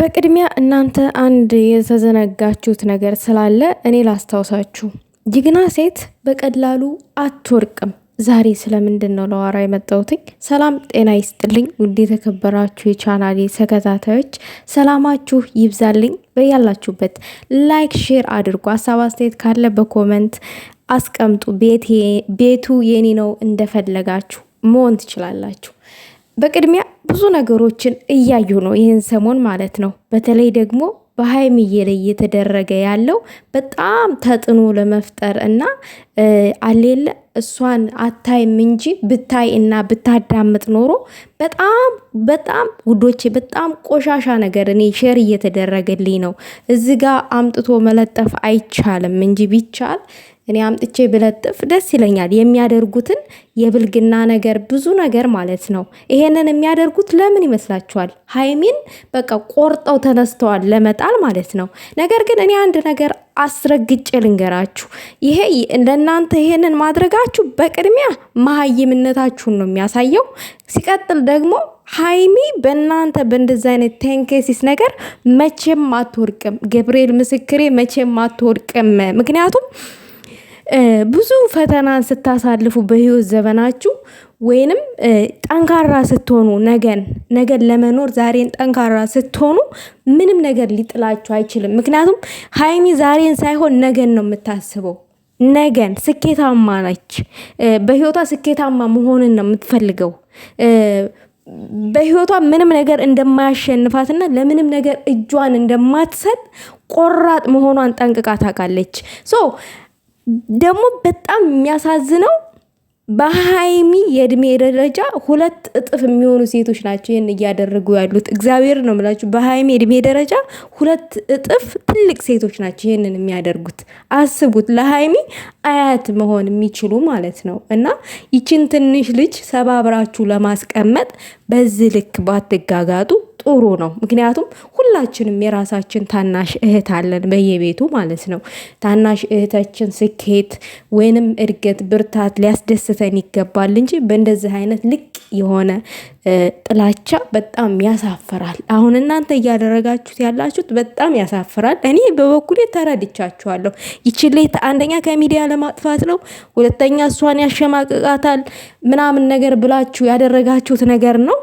በቅድሚያ እናንተ አንድ የተዘነጋችሁት ነገር ስላለ እኔ ላስታውሳችሁ። ጅግና ሴት በቀላሉ አትወርቅም። ዛሬ ስለምንድን ነው ለዋራ የመጣሁትኝ? ሰላም ጤና ይስጥልኝ። ውድ የተከበራችሁ የቻናሌ ተከታታዮች ሰላማችሁ ይብዛልኝ። በያላችሁበት ላይክ፣ ሼር አድርጎ ሀሳብ አስተያየት ካለ በኮመንት አስቀምጡ። ቤቱ የኔ ነው እንደፈለጋችሁ መሆን ትችላላችሁ። በቅድሚያ ብዙ ነገሮችን እያዩ ነው ይህን ሰሞን ማለት ነው። በተለይ ደግሞ በሀይሚዬ ላይ እየተደረገ ያለው በጣም ተጥኖ ለመፍጠር እና አሌለ እሷን አታይም እንጂ ብታይ እና ብታዳምጥ ኖሮ በጣም በጣም ውዶቼ በጣም ቆሻሻ ነገር እኔ ሼር እየተደረገልኝ ነው። እዚ ጋ አምጥቶ መለጠፍ አይቻልም እንጂ ቢቻል እኔ አምጥቼ ብለጥፍ ደስ ይለኛል። የሚያደርጉትን የብልግና ነገር ብዙ ነገር ማለት ነው። ይሄንን የሚያደርጉት ለምን ይመስላችኋል? ሀይሚን በቃ ቆርጠው ተነስተዋል ለመጣል ማለት ነው። ነገር ግን እኔ አንድ ነገር አስረግጬ ልንገራችሁ፣ ይሄ ለእናንተ ይሄንን ማድረጋችሁ በቅድሚያ መሀይምነታችሁን ነው የሚያሳየው። ሲቀጥል ደግሞ ሀይሚ በእናንተ በእንደዚህ አይነት ቴንኬሲስ ነገር መቼም አትወርቅም። ገብርኤል ምስክሬ፣ መቼም አትወርቅም። ምክንያቱም ብዙ ፈተናን ስታሳልፉ በህይወት ዘመናችሁ ወይንም ጠንካራ ስትሆኑ ነገን ነገን ለመኖር ዛሬን ጠንካራ ስትሆኑ ምንም ነገር ሊጥላችሁ አይችልም። ምክንያቱም ሀይሚ ዛሬን ሳይሆን ነገን ነው የምታስበው። ነገን ስኬታማ ነች። በህይወቷ ስኬታማ መሆንን ነው የምትፈልገው። በህይወቷ ምንም ነገር እንደማያሸንፋትና ለምንም ነገር እጇን እንደማትሰጥ ቆራጥ መሆኗን ጠንቅቃ ታውቃለች። ደግሞ በጣም የሚያሳዝነው በሀይሚ የእድሜ ደረጃ ሁለት እጥፍ የሚሆኑ ሴቶች ናቸው ይህን እያደረጉ ያሉት። እግዚአብሔር ነው የምላችሁ። በሀይሚ የእድሜ ደረጃ ሁለት እጥፍ ትልቅ ሴቶች ናቸው ይህንን የሚያደርጉት። አስቡት፣ ለሀይሚ አያት መሆን የሚችሉ ማለት ነው። እና ይችን ትንሽ ልጅ ሰባብራችሁ ለማስቀመጥ በዚህ ልክ ባትጋጋጡ ጥሩ ነው። ምክንያቱም ሁላችንም የራሳችን ታናሽ እህት አለን በየቤቱ ማለት ነው። ታናሽ እህታችን ስኬት ወይንም እድገት፣ ብርታት ሊያስደስተን ይገባል እንጂ በእንደዚህ አይነት ልቅ የሆነ ጥላቻ በጣም ያሳፍራል። አሁን እናንተ እያደረጋችሁት ያላችሁት በጣም ያሳፍራል። እኔ በበኩሌ ተረድቻችኋለሁ። ይችሌት አንደኛ ከሚዲያ ለማጥፋት ነው፣ ሁለተኛ እሷን ያሸማቅቃታል ምናምን ነገር ብላችሁ ያደረጋችሁት ነገር ነው።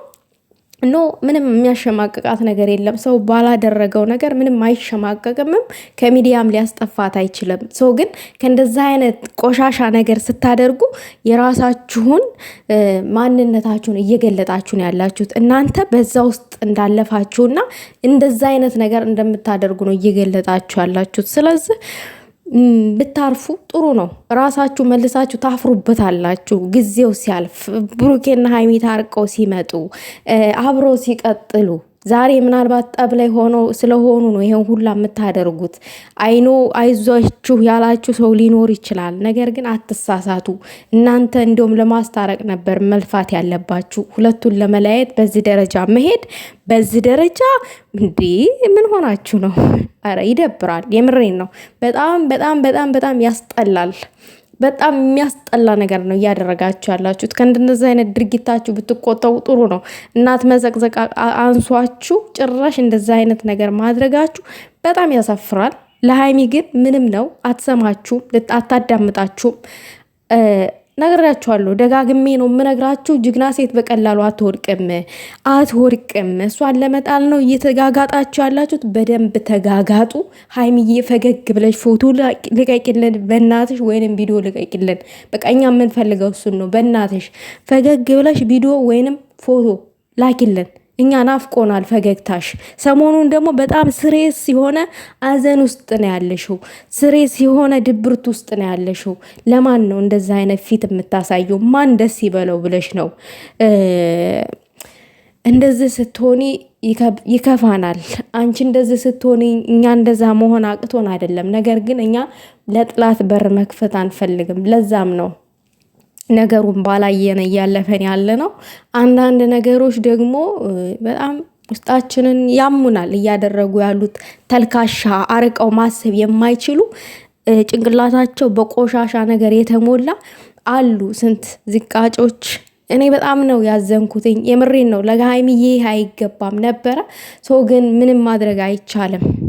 ኖ ምንም የሚያሸማቅቃት ነገር የለም። ሰው ባላደረገው ነገር ምንም አይሸማቀቅምም፣ ከሚዲያም ሊያስጠፋት አይችልም። ሰው ግን ከእንደዛ አይነት ቆሻሻ ነገር ስታደርጉ የራሳችሁን ማንነታችሁን እየገለጣችሁ ነው ያላችሁት። እናንተ በዛ ውስጥ እንዳለፋችሁና እንደዛ አይነት ነገር እንደምታደርጉ ነው እየገለጣችሁ ያላችሁት። ስለዚህ ብታርፉ ጥሩ ነው። ራሳችሁ መልሳችሁ ታፍሩበታላችሁ። ጊዜው ሲያልፍ ብሩኬና ሀይሚ ታርቀው ሲመጡ አብረው ሲቀጥሉ ዛሬ ምናልባት ጠብ ላይ ሆኖ ስለሆኑ ነው ይሄን ሁላ የምታደርጉት። አይኖ አይዟችሁ ያላችሁ ሰው ሊኖር ይችላል። ነገር ግን አትሳሳቱ። እናንተ እንዲሁም ለማስታረቅ ነበር መልፋት ያለባችሁ። ሁለቱን ለመለያየት በዚህ ደረጃ መሄድ በዚህ ደረጃ እንዴ! ምን ሆናችሁ ነው? ኧረ ይደብራል። የምሬን ነው። በጣም በጣም በጣም በጣም ያስጠላል። በጣም የሚያስጠላ ነገር ነው እያደረጋችሁ ያላችሁት። ከእንደነዚህ አይነት ድርጊታችሁ ብትቆጠቡ ጥሩ ነው። እናት መዘቅዘቅ አንሷችሁ ጭራሽ እንደዚህ አይነት ነገር ማድረጋችሁ በጣም ያሳፍራል። ለሀይሚ ግን ምንም ነው፣ አትሰማችሁም፣ አታዳምጣችሁም። ነግራችኋለሁ። ደጋግሜ ነው የምነግራችሁ። ጅግና ሴት በቀላሉ አትወድቅም አትወድቅም። እሷን ለመጣል ነው እየተጋጋጣችሁ ያላችሁት። በደንብ ተጋጋጡ። ሀይሚዬ ፈገግ ብለሽ ፎቶ ልቀቂልን በእናትሽ፣ ወይንም ቪዲዮ ልቀቂልን። በቃ እኛ የምንፈልገው እሱን ነው። በእናትሽ ፈገግ ብለሽ ቪዲዮ ወይንም ፎቶ ላኪልን። እኛ ናፍቆናል ፈገግታሽ። ሰሞኑን ደግሞ በጣም ስሬስ የሆነ አዘን ውስጥ ነው ያለሽው፣ ስሬስ የሆነ ድብርት ውስጥ ነው ያለሽው። ለማን ነው እንደዛ አይነት ፊት የምታሳየው? ማን ደስ ይበለው ብለሽ ነው? እንደዚህ ስትሆኒ ይከፋናል። አንቺ እንደዚህ ስትሆኒ እኛ እንደዛ መሆን አቅቶን አይደለም። ነገር ግን እኛ ለጥላት በር መክፈት አንፈልግም። ለዛም ነው ነገሩን ባላየን እያለፈን ያለ ነው። አንዳንድ ነገሮች ደግሞ በጣም ውስጣችንን ያሙናል። እያደረጉ ያሉት ተልካሻ፣ አርቀው ማሰብ የማይችሉ ጭንቅላታቸው በቆሻሻ ነገር የተሞላ አሉ። ስንት ዝቃጮች እኔ በጣም ነው ያዘንኩትኝ። የምሬን ነው። ለሀይሚዬ አይገባም ነበረ ሰው ግን ምንም ማድረግ አይቻልም።